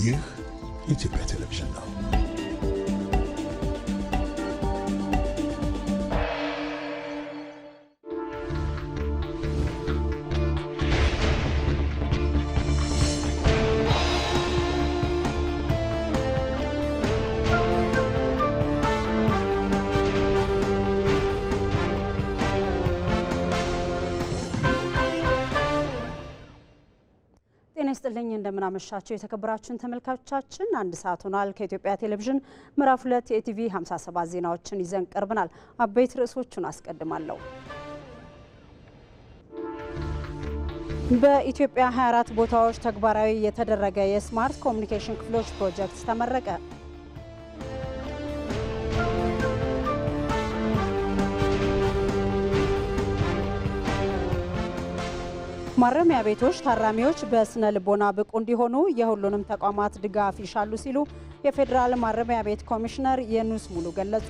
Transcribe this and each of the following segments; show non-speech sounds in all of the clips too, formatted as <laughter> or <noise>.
ይህ ኢትዮጵያ ቴሌቪዥን ነው። ይስጥልኝ እንደምናመሻቸው የተከበራችሁን ተመልካቾቻችን፣ አንድ ሰዓት ሆኗል። ከኢትዮጵያ ቴሌቪዥን ምዕራፍ 2 የኢቲቪ 57 ዜናዎችን ይዘን ቀርበናል። አበይት ርዕሶቹን አስቀድማለሁ። በኢትዮጵያ 24 ቦታዎች ተግባራዊ የተደረገ የስማርት ኮሚኒኬሽን ክፍሎች ፕሮጀክት ተመረቀ። ማረሚያ ቤቶች ታራሚዎች በስነ ልቦና ብቁ እንዲሆኑ የሁሉንም ተቋማት ድጋፍ ይሻሉ ሲሉ የፌዴራል ማረሚያ ቤት ኮሚሽነር የኑስ ሙሉ ገለጹ።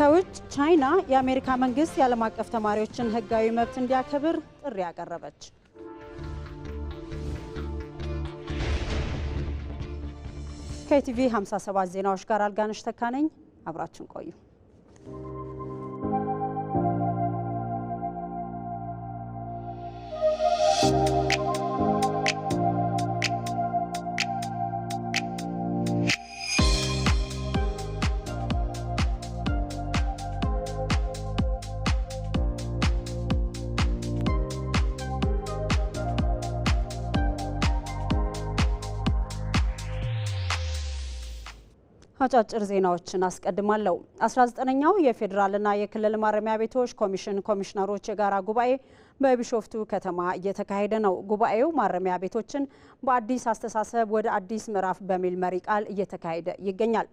ከውጭ ቻይና የአሜሪካ መንግስት የዓለም አቀፍ ተማሪዎችን ህጋዊ መብት እንዲያከብር ጥሪ አቀረበች። ከኢቲቪ 57 ዜናዎች ጋር አልጋነሽ ተካነኝ አብራችን ቆዩ። አጫጭር ዜናዎችን አስቀድማለሁ። 19ኛው የፌዴራልና የክልል ማረሚያ ቤቶች ኮሚሽን ኮሚሽነሮች የጋራ ጉባኤ በቢሾፍቱ ከተማ እየተካሄደ ነው። ጉባኤው ማረሚያ ቤቶችን በአዲስ አስተሳሰብ ወደ አዲስ ምዕራፍ በሚል መሪ ቃል እየተካሄደ ይገኛል።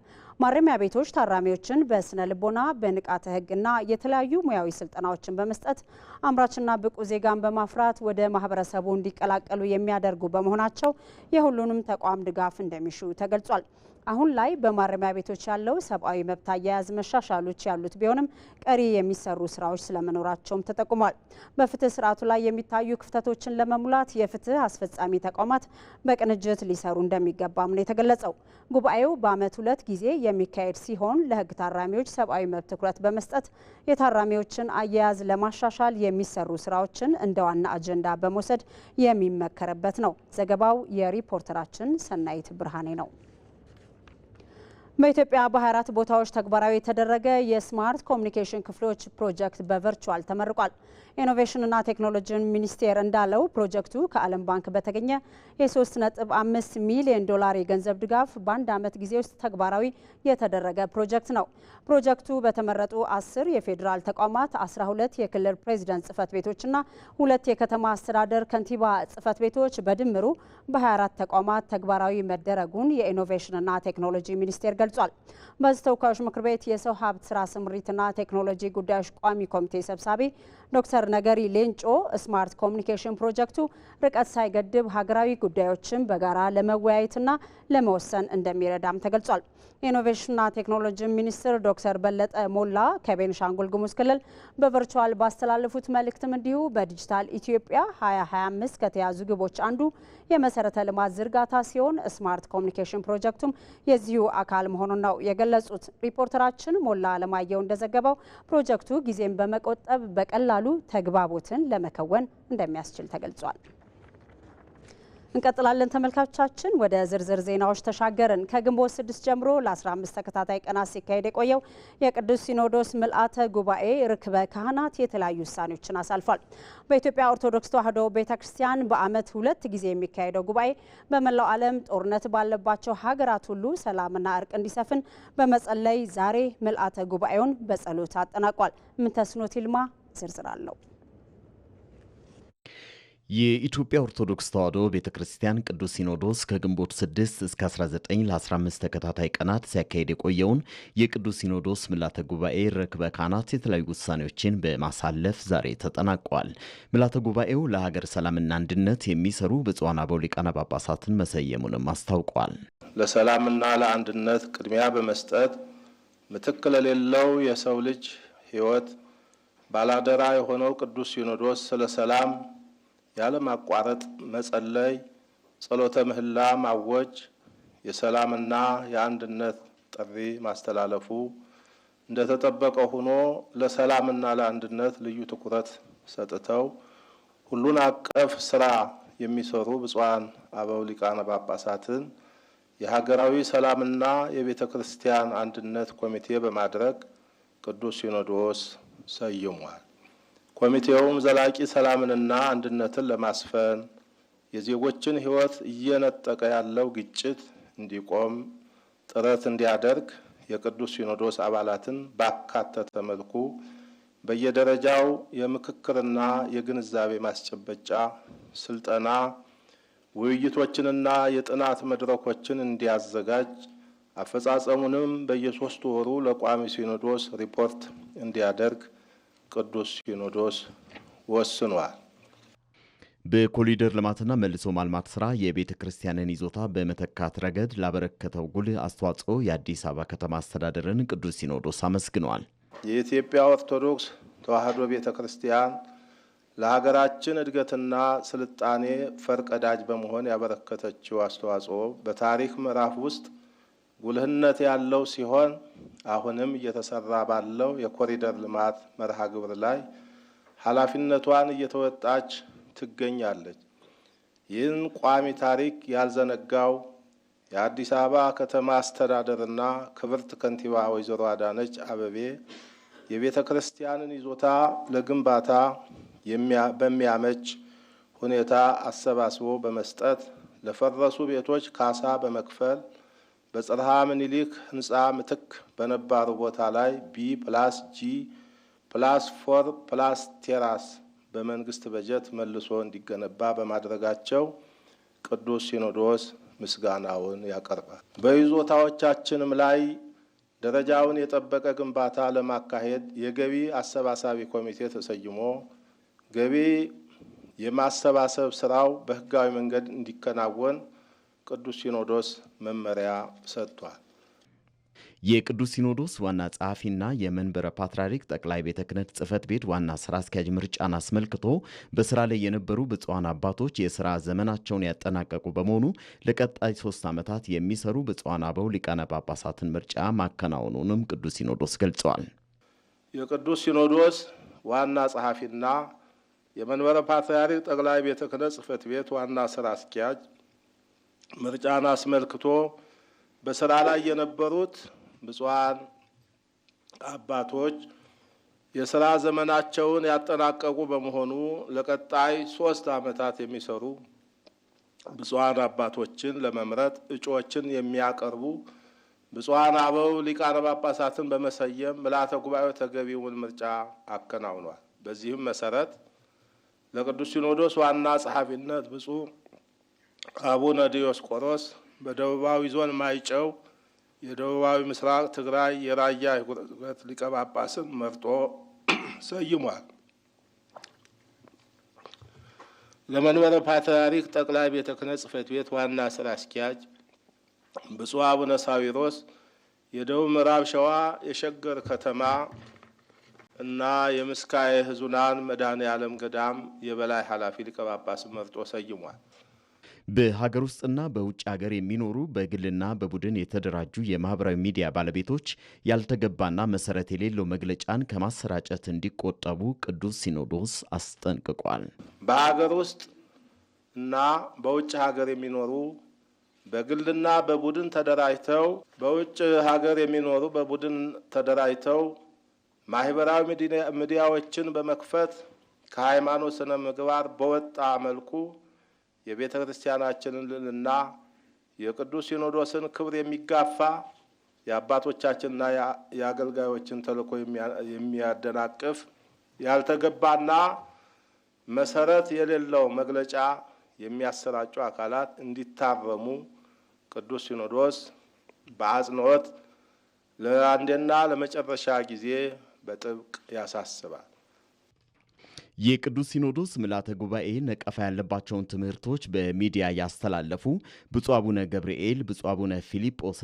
ማረሚያ ቤቶች ታራሚዎችን በስነ ልቦና፣ በንቃተ ሕግና የተለያዩ ሙያዊ ስልጠናዎችን በመስጠት አምራችና ብቁ ዜጋን በማፍራት ወደ ማህበረሰቡ እንዲቀላቀሉ የሚያደርጉ በመሆናቸው የሁሉንም ተቋም ድጋፍ እንደሚሹ ተገልጿል። አሁን ላይ በማረሚያ ቤቶች ያለው ሰብአዊ መብት አያያዝ መሻሻሎች ያሉት ቢሆንም ቀሪ የሚሰሩ ስራዎች ስለመኖራቸውም ተጠቁሟል። በፍትህ ስርዓቱ ላይ የሚታዩ ክፍተቶችን ለመሙላት የፍትህ አስፈጻሚ ተቋማት በቅንጅት ሊሰሩ እንደሚገባም ነው የተገለጸው። ጉባኤው በዓመት ሁለት ጊዜ የሚካሄድ ሲሆን ለህግ ታራሚዎች ሰብአዊ መብት ትኩረት በመስጠት የታራሚዎችን አያያዝ ለማሻሻል የሚሰሩ ስራዎችን እንደ ዋና አጀንዳ በመውሰድ የሚመከርበት ነው። ዘገባው የሪፖርተራችን ሰናይት ብርሃኔ ነው። በኢትዮጵያ በ24 ቦታዎች ተግባራዊ የተደረገ የስማርት ኮሚኒኬሽን ክፍሎች ፕሮጀክት በቨርቹዋል ተመርቋል። ኢኖቬሽንና ቴክኖሎጂ ሚኒስቴር እንዳለው ፕሮጀክቱ ከዓለም ባንክ በተገኘ የ3.5 ሚሊዮን ዶላር የገንዘብ ድጋፍ በአንድ ዓመት ጊዜ ውስጥ ተግባራዊ የተደረገ ፕሮጀክት ነው። ፕሮጀክቱ በተመረጡ 10 የፌዴራል ተቋማት፣ 12 የክልል ፕሬዚደንት ጽህፈት ቤቶችና ሁለት የከተማ አስተዳደር ከንቲባ ጽህፈት ቤቶች በድምሩ በ24 ተቋማት ተግባራዊ መደረጉን የኢኖቬሽንና ቴክኖሎጂ ሚኒስቴር ገልጿል። በዚህ ተወካዮች ምክር ቤት የሰው ሀብት ስራ ስምሪትና ቴክኖሎጂ ጉዳዮች ቋሚ ኮሚቴ ሰብሳቢ ዶክተር ነገሪ ሌንጮ ስማርት ኮሚኒኬሽን ፕሮጀክቱ ርቀት ሳይገድብ ሀገራዊ ጉዳዮችን በጋራ ለመወያየትና ለመወሰን እንደሚረዳም ተገልጿል። የኢኖቬሽንና ቴክኖሎጂ ሚኒስትር ዶክተር በለጠ ሞላ ከቤንሻንጉል ጉሙዝ ክልል በቨርቹዋል ባስተላለፉት መልእክትም እንዲሁ በዲጂታል ኢትዮጵያ 2025 ከተያዙ ግቦች አንዱ የመሰረተ ልማት ዝርጋታ ሲሆን ስማርት ኮሚኒኬሽን ፕሮጀክቱም የዚሁ አካል መሆኑን ነው የገለጹት። ሪፖርተራችን ሞላ አለማየሁ እንደዘገበው ፕሮጀክቱ ጊዜን በመቆጠብ በቀላሉ ያሉ ተግባቦትን ለመከወን እንደሚያስችል ተገልጿል። እንቀጥላለን ተመልካቾቻችን፣ ወደ ዝርዝር ዜናዎች ተሻገርን። ከግንቦት ስድስት ጀምሮ ለ15 ተከታታይ ቀናት ሲካሄድ የቆየው የቅዱስ ሲኖዶስ ምልአተ ጉባኤ ርክበ ካህናት የተለያዩ ውሳኔዎችን አሳልፏል። በኢትዮጵያ ኦርቶዶክስ ተዋሕዶ ቤተ ክርስቲያን በዓመት ሁለት ጊዜ የሚካሄደው ጉባኤ በመላው ዓለም ጦርነት ባለባቸው ሀገራት ሁሉ ሰላምና እርቅ እንዲሰፍን በመጸለይ ዛሬ ምልአተ ጉባኤውን በጸሎት አጠናቋል። ምንተስኖት ይልማ ዝርዝር አለው። የኢትዮጵያ ኦርቶዶክስ ተዋሕዶ ቤተ ክርስቲያን ቅዱስ ሲኖዶስ ከግንቦት 6 እስከ 19 ለ15 ተከታታይ ቀናት ሲያካሄድ የቆየውን የቅዱስ ሲኖዶስ ምልዓተ ጉባኤ ርክበ ካህናት የተለያዩ ውሳኔዎችን በማሳለፍ ዛሬ ተጠናቋል። ምልዓተ ጉባኤው ለሀገር ሰላምና አንድነት የሚሰሩ ብፁዓን አበው ሊቃነ ጳጳሳትን መሰየሙንም አስታውቋል። ለሰላምና ለአንድነት ቅድሚያ በመስጠት ምትክ ለሌለው የሰው ልጅ ሕይወት ባላደራ የሆነው ቅዱስ ሲኖዶስ ስለ ሰላም ያለማቋረጥ መጸለይ፣ ጸሎተ ምህላ ማወጅ፣ የሰላምና የአንድነት ጥሪ ማስተላለፉ እንደተጠበቀ ሆኖ ለሰላምና ለአንድነት ልዩ ትኩረት ሰጥተው ሁሉን አቀፍ ስራ የሚሰሩ ብፁዓን አበው ሊቃነ ጳጳሳትን የሀገራዊ ሰላምና የቤተ ክርስቲያን አንድነት ኮሚቴ በማድረግ ቅዱስ ሲኖዶስ ሰይሟል። ኮሚቴውም ዘላቂ ሰላምንና አንድነትን ለማስፈን የዜጎችን ሕይወት እየነጠቀ ያለው ግጭት እንዲቆም ጥረት እንዲያደርግ የቅዱስ ሲኖዶስ አባላትን ባካተተ መልኩ በየደረጃው የምክክርና የግንዛቤ ማስጨበጫ ስልጠና ውይይቶችንና የጥናት መድረኮችን እንዲያዘጋጅ አፈጻጸሙንም በየሶስት ወሩ ለቋሚ ሲኖዶስ ሪፖርት እንዲያደርግ ቅዱስ ሲኖዶስ ወስኗል። በኮሊደር ልማትና መልሶ ማልማት ስራ የቤተ ክርስቲያንን ይዞታ በመተካት ረገድ ላበረከተው ጉልህ አስተዋጽኦ የአዲስ አበባ ከተማ አስተዳደርን ቅዱስ ሲኖዶስ አመስግኗል። የኢትዮጵያ ኦርቶዶክስ ተዋሕዶ ቤተ ክርስቲያን ለሀገራችን እድገትና ስልጣኔ ፈርቀዳጅ በመሆን ያበረከተችው አስተዋጽኦ በታሪክ ምዕራፍ ውስጥ ጉልህነት ያለው ሲሆን አሁንም እየተሰራ ባለው የኮሪደር ልማት መርሃ ግብር ላይ ኃላፊነቷን እየተወጣች ትገኛለች። ይህን ቋሚ ታሪክ ያልዘነጋው የአዲስ አበባ ከተማ አስተዳደርና ክብርት ከንቲባ ወይዘሮ አዳነች አበቤ የቤተ ክርስቲያንን ይዞታ ለግንባታ በሚያመች ሁኔታ አሰባስቦ በመስጠት ለፈረሱ ቤቶች ካሳ በመክፈል በጸረሃ ምኒልክ ህንፃ ምትክ በነባሩ ቦታ ላይ ቢ ፕላስ ጂ ፕላስ ፎር ፕላስ ቴራስ በመንግስት በጀት መልሶ እንዲገነባ በማድረጋቸው ቅዱስ ሲኖዶስ ምስጋናውን ያቀርባል። በይዞታዎቻችንም ላይ ደረጃውን የጠበቀ ግንባታ ለማካሄድ የገቢ አሰባሳቢ ኮሚቴ ተሰይሞ ገቢ የማሰባሰብ ስራው በህጋዊ መንገድ እንዲከናወን ቅዱስ ሲኖዶስ መመሪያ ሰጥቷል። የቅዱስ ሲኖዶስ ዋና ጸሐፊና የመንበረ ፓትርያርክ ጠቅላይ ቤተ ክህነት ጽሕፈት ቤት ዋና ስራ አስኪያጅ ምርጫን አስመልክቶ በስራ ላይ የነበሩ ብፁዓን አባቶች የስራ ዘመናቸውን ያጠናቀቁ በመሆኑ ለቀጣይ ሶስት ዓመታት የሚሰሩ ብፁዓን አበው ሊቃነ ጳጳሳትን ምርጫ ማከናወኑንም ቅዱስ ሲኖዶስ ገልጸዋል። የቅዱስ ሲኖዶስ ዋና ጸሐፊና የመንበረ ፓትርያርክ ጠቅላይ ቤተ ክህነት ጽሕፈት ቤት ዋና ስራ አስኪያጅ ምርጫን አስመልክቶ በስራ ላይ የነበሩት ብፁዓን አባቶች የስራ ዘመናቸውን ያጠናቀቁ በመሆኑ ለቀጣይ ሶስት ዓመታት የሚሰሩ ብፁዓን አባቶችን ለመምረጥ እጩዎችን የሚያቀርቡ ብፁዓን አበው ሊቃነ ጳጳሳትን በመሰየም ምልአተ ጉባኤው ተገቢውን ምርጫ አከናውኗል። በዚህም መሰረት ለቅዱስ ሲኖዶስ ዋና ጸሐፊነት ብፁዕ አቡነ ዲዮስቆሮስ በደቡባዊ ዞን ማይጨው የደቡባዊ ምስራቅ ትግራይ የራያ አህጉረ ስብከት ሊቀ ጳጳስን መርጦ ሰይሟል። ለመንበረ ፓትርያርክ ጠቅላይ ቤተ ክህነት ጽሕፈት ቤት ዋና ስራ አስኪያጅ ብፁዕ አቡነ ሳዊሮስ የደቡብ ምዕራብ ሸዋ የሸገር ከተማ እና የምስካየ ሕዙናን መድኃኔ ዓለም ገዳም የበላይ ኃላፊ ሊቀ ጳጳስን መርጦ ሰይሟል። በሀገር ውስጥና በውጭ ሀገር የሚኖሩ በግልና በቡድን የተደራጁ የማህበራዊ ሚዲያ ባለቤቶች ያልተገባና መሰረት የሌለው መግለጫን ከማሰራጨት እንዲቆጠቡ ቅዱስ ሲኖዶስ አስጠንቅቋል። በሀገር ውስጥ እና በውጭ ሀገር የሚኖሩ በግልና በቡድን ተደራጅተው በውጭ ሀገር የሚኖሩ በቡድን ተደራጅተው ማህበራዊ ሚዲያዎችን በመክፈት ከሃይማኖት ስነ ምግባር በወጣ መልኩ የቤተ ክርስቲያናችንን ልዕልና የቅዱስ ሲኖዶስን ክብር የሚጋፋ የአባቶቻችንና የአገልጋዮችን ተልእኮ የሚያደናቅፍ ያልተገባና መሰረት የሌለው መግለጫ የሚያሰራጩ አካላት እንዲታረሙ ቅዱስ ሲኖዶስ በአጽንኦት ለአንዴና ለመጨረሻ ጊዜ በጥብቅ ያሳስባል። የቅዱስ ሲኖዶስ ምልዓተ ጉባኤ ነቀፋ ያለባቸውን ትምህርቶች በሚዲያ ያስተላለፉ ብፁዕ አቡነ ገብርኤል፣ ብፁዕ አቡነ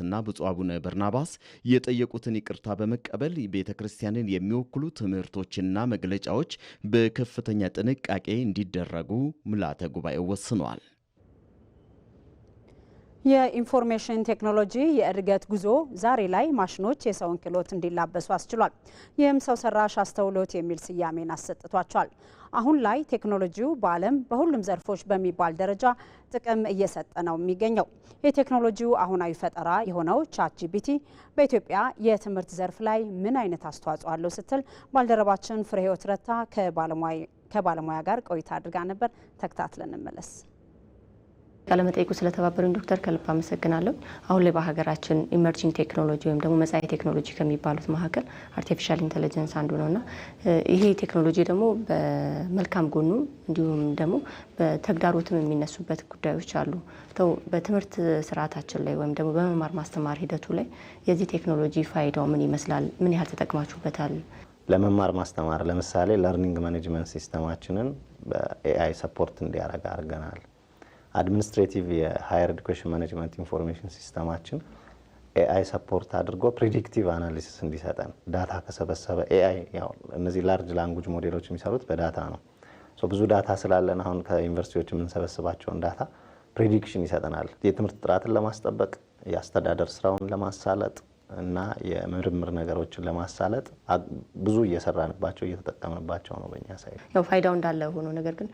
እና ብፁዕ አቡነ በርናባስ የጠየቁትን ይቅርታ በመቀበል ቤተ ክርስቲያንን የሚወክሉ ትምህርቶችና መግለጫዎች በከፍተኛ ጥንቃቄ እንዲደረጉ ምልዓተ ጉባኤው ወስኗል። የኢንፎርሜሽን ቴክኖሎጂ የእድገት ጉዞ ዛሬ ላይ ማሽኖች የሰውን ክህሎት እንዲላበሱ አስችሏል። ይህም ሰው ሰራሽ አስተውሎት የሚል ስያሜን አሰጥቷቸዋል። አሁን ላይ ቴክኖሎጂው በዓለም በሁሉም ዘርፎች በሚባል ደረጃ ጥቅም እየሰጠ ነው የሚገኘው። የቴክኖሎጂው አሁናዊ ፈጠራ የሆነው ቻት በኢትዮጵያ የትምህርት ዘርፍ ላይ ምን አይነት አስተዋጽኦ አለው ስትል ባልደረባችን ፍሬህይወት ረታ ከባለሙያ ጋር ቆይታ አድርጋ ነበር። ተከታትለን እንመለስ። ቃለመጠይቁ ስለተባበሩኝ ዶክተር ከልብ አመሰግናለሁ። አሁን ላይ በሀገራችን ኢመርጂንግ ቴክኖሎጂ ወይም ደግሞ መጻኢ ቴክኖሎጂ ከሚባሉት መካከል አርቲፊሻል ኢንቴሊጀንስ አንዱ ነውና ይሄ ቴክኖሎጂ ደግሞ በመልካም ጎኑ እንዲሁም ደግሞ በተግዳሮትም የሚነሱበት ጉዳዮች አሉ። በትምህርት ስርዓታችን ላይ ወይም ደግሞ በመማር ማስተማር ሂደቱ ላይ የዚህ ቴክኖሎጂ ፋይዳው ምን ይመስላል? ምን ያህል ተጠቅማችሁበታል? ለመማር ማስተማር ለምሳሌ ለርኒንግ ማኔጅመንት ሲስተማችንን በኤአይ ሰፖርት እንዲያደርግ አድርገናል። አድሚኒስትሬቲቭ የሃየር ኤዱኬሽን ማኔጅመንት ኢንፎርሜሽን ሲስተማችን ኤአይ ሰፖርት አድርጎ ፕሪዲክቲቭ አናሊሲስ እንዲሰጠን ዳታ ከሰበሰበ ኤአይ እነዚህ ላርጅ ላንጉጅ ሞዴሎች የሚሰሩት በዳታ ነው። ብዙ ዳታ ስላለን አሁን ከዩኒቨርሲቲዎች የምንሰበስባቸውን ዳታ ፕሬዲክሽን ይሰጠናል። የትምህርት ጥራትን ለማስጠበቅ የአስተዳደር ስራውን ለማሳለጥ እና የምርምር ነገሮችን ለማሳለጥ ብዙ እየሰራንባቸው እየተጠቀምንባቸው ነው። በእኛ ሳይ ያው ፋይዳው እንዳለ ሆኖ ነገር ግን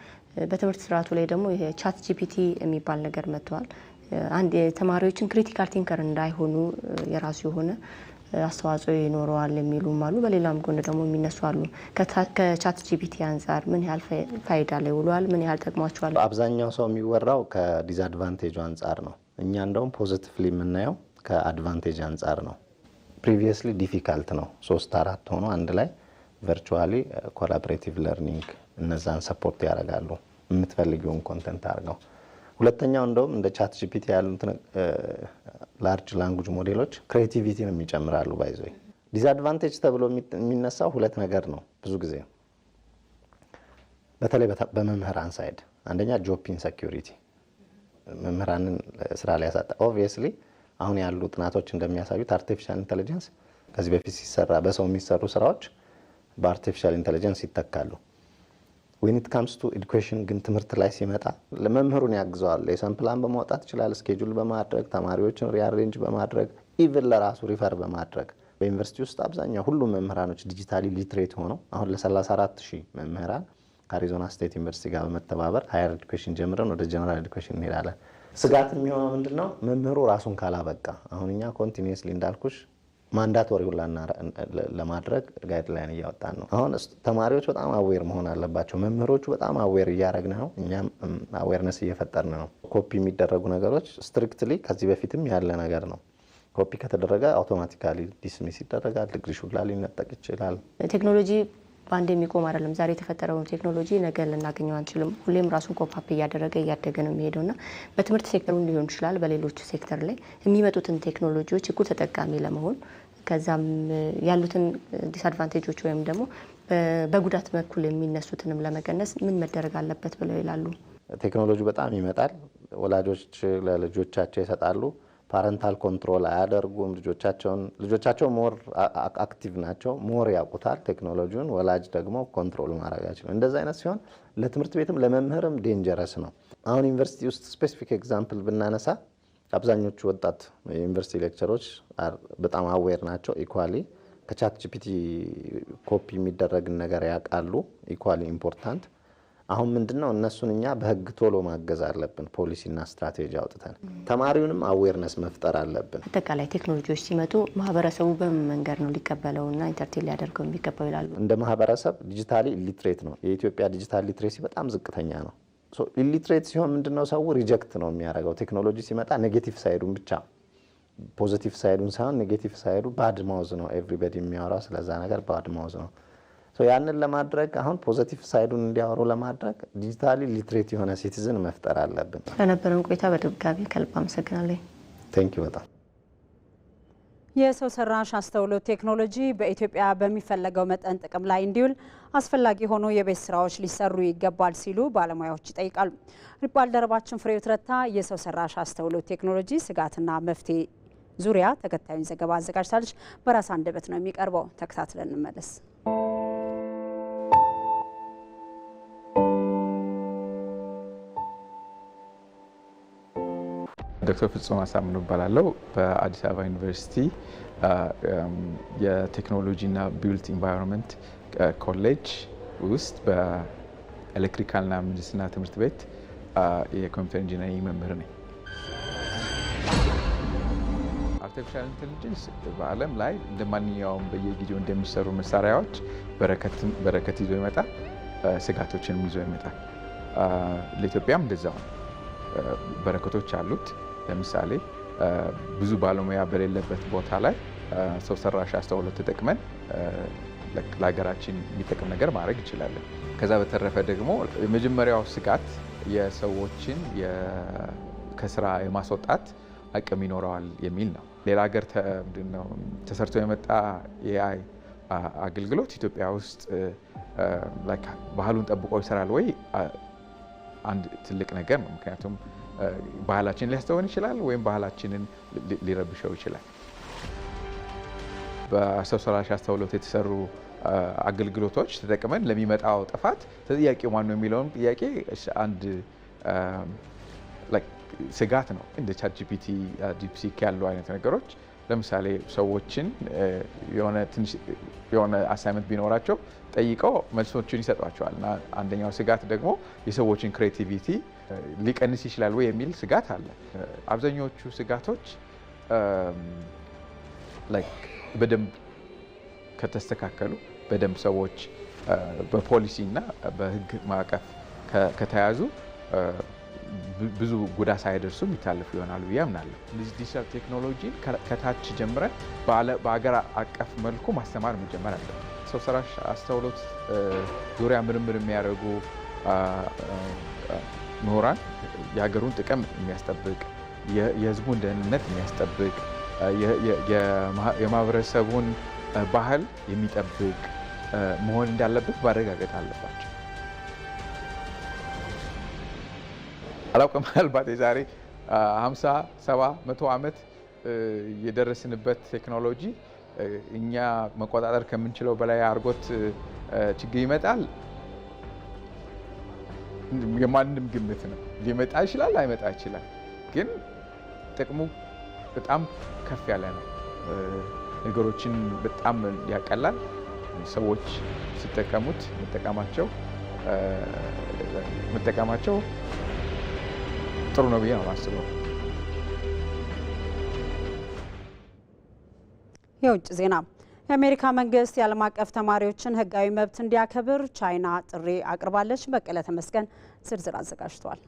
በትምህርት ስርዓቱ ላይ ደግሞ ቻት ጂፒቲ የሚባል ነገር መጥተዋል። አንድ የተማሪዎችን ክሪቲካል ቲንከር እንዳይሆኑ የራሱ የሆነ አስተዋጽኦ ይኖረዋል የሚሉም አሉ። በሌላም ጎን ደግሞ የሚነሱ አሉ። ከቻት ጂፒቲ አንጻር ምን ያህል ፋይዳ ላይ ውሏል? ምን ያህል ጠቅሟቸዋል? አብዛኛው ሰው የሚወራው ከዲስአድቫንቴጁ አንጻር ነው። እኛ እንደውም ፖዚቲቭሊ የምናየው ከአድቫንቴጅ አንጻር ነው። ፕሪቪየስሊ ዲፊካልት ነው። ሶስት አራት ሆኖ አንድ ላይ ቨርቹዋሊ ኮላቦሬቲቭ ለርኒንግ እነዛን ሰፖርት ያደርጋሉ። የምትፈልጊውን ኮንተንት አድርገው። ሁለተኛው እንደውም እንደ ቻት ጂፒቲ ያሉት ላርጅ ላንጉጅ ሞዴሎች ክሬቲቪቲንም ይጨምራሉ። ባይዞ ዲስአድቫንቴጅ ተብሎ የሚነሳው ሁለት ነገር ነው ብዙ ጊዜ በተለይ በመምህራን ሳይድ አንደኛ ጆብ ኢንሰኪሪቲ መምህራንን uh, ስራ ላይ ያሳጣ ኦብቪየስሊ አሁን ያሉ ጥናቶች እንደሚያሳዩት አርቲፊሻል ኢንቴሊጀንስ ከዚህ በፊት ሲሰራ በሰው የሚሰሩ ስራዎች በአርቲፊሻል ኢንቴሊጀንስ ይተካሉ። ዊኒት ካምስ ቱ ኤዱኬሽን ግን ትምህርት ላይ ሲመጣ ለመምህሩን ያግዘዋል። የሰምፕላን በማውጣት ይችላል፣ ስኬጁል በማድረግ ተማሪዎችን ሪአሬንጅ በማድረግ ኢቨን ለራሱ ሪፈር በማድረግ በዩኒቨርሲቲ ውስጥ አብዛኛው ሁሉም መምህራኖች ዲጂታሊ ሊትሬት ሆነው አሁን ለ34 ሺህ መምህራን ከአሪዞና ስቴት ዩኒቨርሲቲ ጋር በመተባበር ሃየር ኤዱኬሽን ጀምረን ወደ ጀነራል ኤዱኬሽን እንሄዳለን። ስጋት የሚሆነው ምንድን ነው? መምህሩ ራሱን ካላበቃ አሁን እኛ ኮንቲኒስሊ እንዳልኩሽ ማንዳቶሪውን ለማድረግ ጋይድላይን እያወጣን ነው። አሁን ተማሪዎች በጣም አዌር መሆን አለባቸው። መምህሮቹ በጣም አዌር እያደረግን ነው፣ እኛም አዌርነስ እየፈጠርን ነው። ኮፒ የሚደረጉ ነገሮች ስትሪክትሊ ከዚህ በፊትም ያለ ነገር ነው። ኮፒ ከተደረገ አውቶማቲካሊ ዲስሚስ ይደረጋል። ዲግሪሹ ሊነጠቅ ይችላል። ቴክኖሎጂ በአንድ የሚቆም አይደለም። ዛሬ የተፈጠረውን ቴክኖሎጂ ነገ ልናገኘው አንችልም። ሁሌም ራሱን ኮፓፕ እያደረገ እያደገ ነው የሚሄደው እና በትምህርት ሴክተሩን ሊሆን ይችላል በሌሎች ሴክተር ላይ የሚመጡትን ቴክኖሎጂዎች እኩል ተጠቃሚ ለመሆን ከዛም ያሉትን ዲስአድቫንቴጆች ወይም ደግሞ በጉዳት በኩል የሚነሱትንም ለመቀነስ ምን መደረግ አለበት ብለው ይላሉ። ቴክኖሎጂ በጣም ይመጣል። ወላጆች ለልጆቻቸው ይሰጣሉ። ፓረንታል ኮንትሮል አያደርጉም። ልጆቻቸውን ልጆቻቸው ሞር አክቲቭ ናቸው፣ ሞር ያውቁታል ቴክኖሎጂውን። ወላጅ ደግሞ ኮንትሮል ማድረግ አይችልም። እንደዚህ አይነት ሲሆን ለትምህርት ቤትም ለመምህርም ዴንጀረስ ነው። አሁን ዩኒቨርሲቲ ውስጥ ስፔሲፊክ ኤግዛምፕል ብናነሳ አብዛኞቹ ወጣት የዩኒቨርሲቲ ሌክቸሮች በጣም አዌር ናቸው። ኢኳሊ ከቻት ጂፒቲ ኮፒ የሚደረግን ነገር ያውቃሉ። ኢኳሊ ኢምፖርታንት አሁን ምንድነው እነሱን እኛ በህግ ቶሎ ማገዝ አለብን። ፖሊሲና ስትራቴጂ አውጥተን ተማሪውንም አዌርነስ መፍጠር አለብን። አጠቃላይ ቴክኖሎጂዎች ሲመጡ ማህበረሰቡ በምን መንገድ ነው ሊቀበለውና ኢንተርቴን ሊያደርገው የሚገባው ይላሉ። እንደ ማህበረሰብ ዲጂታሊ ኢሊትሬት ነው የኢትዮጵያ ዲጂታል ሊትሬሲ በጣም ዝቅተኛ ነው። ኢሊትሬት ሲሆን ምንድነው ሰው ሪጀክት ነው የሚያደርገው። ቴክኖሎጂ ሲመጣ ኔጌቲቭ ሳይዱን ብቻ ፖዚቲቭ ሳይዱን ሳይሆን ኔጌቲቭ ሳይዱ ባድ ማውዝ ነው። ኤቭሪበዲ የሚያወራው ስለዛ ነገር ባድ ማውዝ ነው። ያንን ለማድረግ አሁን ፖዘቲቭ ሳይዱን እንዲያወሩ ለማድረግ ዲጂታሊ ሊትሬት የሆነ ሲቲዝን መፍጠር አለብን። ለነበረን ቆይታ በድጋሚ ከልብ አመሰግናለሁ። ቴንክ ዩ በጣም የሰው ሰራሽ አስተውሎት ቴክኖሎጂ በኢትዮጵያ በሚፈለገው መጠን ጥቅም ላይ እንዲውል አስፈላጊ ሆኖ የቤት ስራዎች ሊሰሩ ይገባል ሲሉ ባለሙያዎች ይጠይቃሉ። ባልደረባችን ፍሬው ትረታ የሰው ሰራሽ አስተውሎት ቴክኖሎጂ ስጋትና መፍትሄ ዙሪያ ተከታዩን ዘገባ አዘጋጅታለች። በራስ አንደበት ነው የሚቀርበው። ተከታትለን እንመለስ። ዶክተር ፍጹም አሳምነው እባላለሁ በአዲስ አበባ ዩኒቨርሲቲ የቴክኖሎጂና ቢልት ኢንቫይሮንመንት ኮሌጅ ውስጥ በኤሌክትሪካልና ምህንድስና ትምህርት ቤት የኮምፒውተር ኢንጂነሪንግ መምህር ነኝ። አርቲፊሻል ኢንቴሊጀንስ በዓለም ላይ እንደ ማንኛውም በየጊዜው እንደሚሰሩ መሳሪያዎች በረከት ይዞ ይመጣል፣ ስጋቶችንም ይዞ ይመጣል። ለኢትዮጵያም እንደዛው በረከቶች አሉት። ለምሳሌ ብዙ ባለሙያ በሌለበት ቦታ ላይ ሰው ሰራሽ አስተውሎት ተጠቅመን ለሀገራችን የሚጠቅም ነገር ማድረግ እንችላለን። ከዛ በተረፈ ደግሞ የመጀመሪያው ስጋት የሰዎችን ከስራ የማስወጣት አቅም ይኖረዋል የሚል ነው። ሌላ ሀገር ተሰርቶ የመጣ የአይ አገልግሎት ኢትዮጵያ ውስጥ ባህሉን ጠብቆ ይሰራል ወይ? አንድ ትልቅ ነገር ነው። ምክንያቱም ባህላችን ሊያስተውን ይችላል ወይም ባህላችንን ሊረብሸው ይችላል። በሰው ሰራሽ አስተውሎት የተሰሩ አገልግሎቶች ተጠቅመን ለሚመጣው ጥፋት ተጠያቂው ማን ነው የሚለውን ጥያቄ አንድ ስጋት ነው። እንደ ቻት ጂፒቲ፣ ዲፕሲክ ያሉ አይነት ነገሮች ለምሳሌ ሰዎችን የሆነ አሳይመንት ቢኖራቸው ጠይቀው መልሶችን ይሰጧቸዋል እና አንደኛው ስጋት ደግሞ የሰዎችን ክሬቲቪቲ ሊቀንስ ይችላል ወይ የሚል ስጋት አለ። አብዛኛዎቹ ስጋቶች በደንብ ከተስተካከሉ በደንብ ሰዎች በፖሊሲ እና በሕግ ማዕቀፍ ከተያዙ ብዙ ጉዳት ሳይደርሱ ይታለፉ ይሆናሉ ብዬ አምናለሁ። ዲጂታል ቴክኖሎጂን ከታች ጀምረን በሀገር አቀፍ መልኩ ማስተማር መጀመር አለ። ሰው ሰራሽ አስተውሎት ዙሪያ ምርምር የሚያደርጉ ምሁራን የሀገሩን ጥቅም የሚያስጠብቅ የህዝቡን ደህንነት የሚያስጠብቅ የማህበረሰቡን ባህል የሚጠብቅ መሆን እንዳለበት ማረጋገጥ አለባቸው። አላውቅም <laughs> ምናልባት የዛሬ 50 70 መቶ ዓመት የደረስንበት ቴክኖሎጂ እኛ መቆጣጠር ከምንችለው በላይ አድርጎት ችግር ይመጣል። የማንም ግምት ነው። ሊመጣ ይችላል፣ አይመጣ ይችላል። ግን ጥቅሙ በጣም ከፍ ያለ ነው። ነገሮችን በጣም ያቀላል። ሰዎች ሲጠቀሙት መጠቀማቸው መጠቀማቸው ጥሩ ነው ብዬ ነው የማስበው። የውጭ ዜና የአሜሪካ መንግስት የዓለም አቀፍ ተማሪዎችን ህጋዊ መብት እንዲያከብር ቻይና ጥሪ አቅርባለች። በቀለ ተመስገን ዝርዝር አዘጋጅቷል።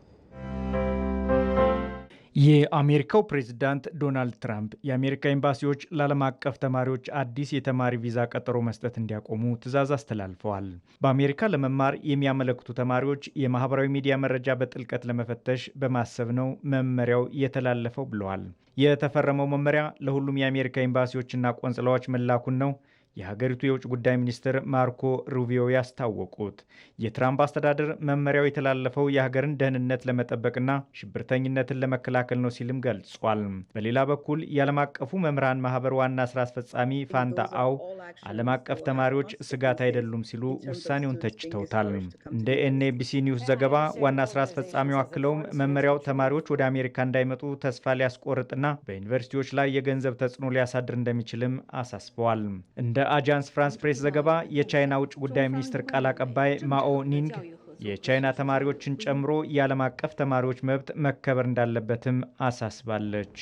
የአሜሪካው ፕሬዝዳንት ዶናልድ ትራምፕ የአሜሪካ ኤምባሲዎች ለዓለም አቀፍ ተማሪዎች አዲስ የተማሪ ቪዛ ቀጠሮ መስጠት እንዲያቆሙ ትዕዛዝ አስተላልፈዋል። በአሜሪካ ለመማር የሚያመለክቱ ተማሪዎች የማህበራዊ ሚዲያ መረጃ በጥልቀት ለመፈተሽ በማሰብ ነው መመሪያው የተላለፈው ብለዋል። የተፈረመው መመሪያ ለሁሉም የአሜሪካ ኤምባሲዎችና ቆንጽላዎች መላኩን ነው የሀገሪቱ የውጭ ጉዳይ ሚኒስትር ማርኮ ሩቢዮ ያስታወቁት። የትራምፕ አስተዳደር መመሪያው የተላለፈው የሀገርን ደህንነት ለመጠበቅና ሽብርተኝነትን ለመከላከል ነው ሲልም ገልጿል። በሌላ በኩል የዓለም አቀፉ መምህራን ማህበር ዋና ስራ አስፈጻሚ ፋንታ አው ዓለም አቀፍ ተማሪዎች ስጋት አይደሉም ሲሉ ውሳኔውን ተችተውታል። እንደ ኤንኤቢሲ ኒውስ ዘገባ ዋና ስራ አስፈጻሚው አክለውም መመሪያው ተማሪዎች ወደ አሜሪካ እንዳይመጡ ተስፋ ሊያስቆርጥና በዩኒቨርሲቲዎች ላይ የገንዘብ ተጽዕኖ ሊያሳድር እንደሚችልም አሳስበዋል። እንደ አጃንስ ፍራንስ ፕሬስ ዘገባ የቻይና ውጭ ጉዳይ ሚኒስትር ቃል አቀባይ ማኦ ኒንግ የቻይና ተማሪዎችን ጨምሮ የዓለም አቀፍ ተማሪዎች መብት መከበር እንዳለበትም አሳስባለች።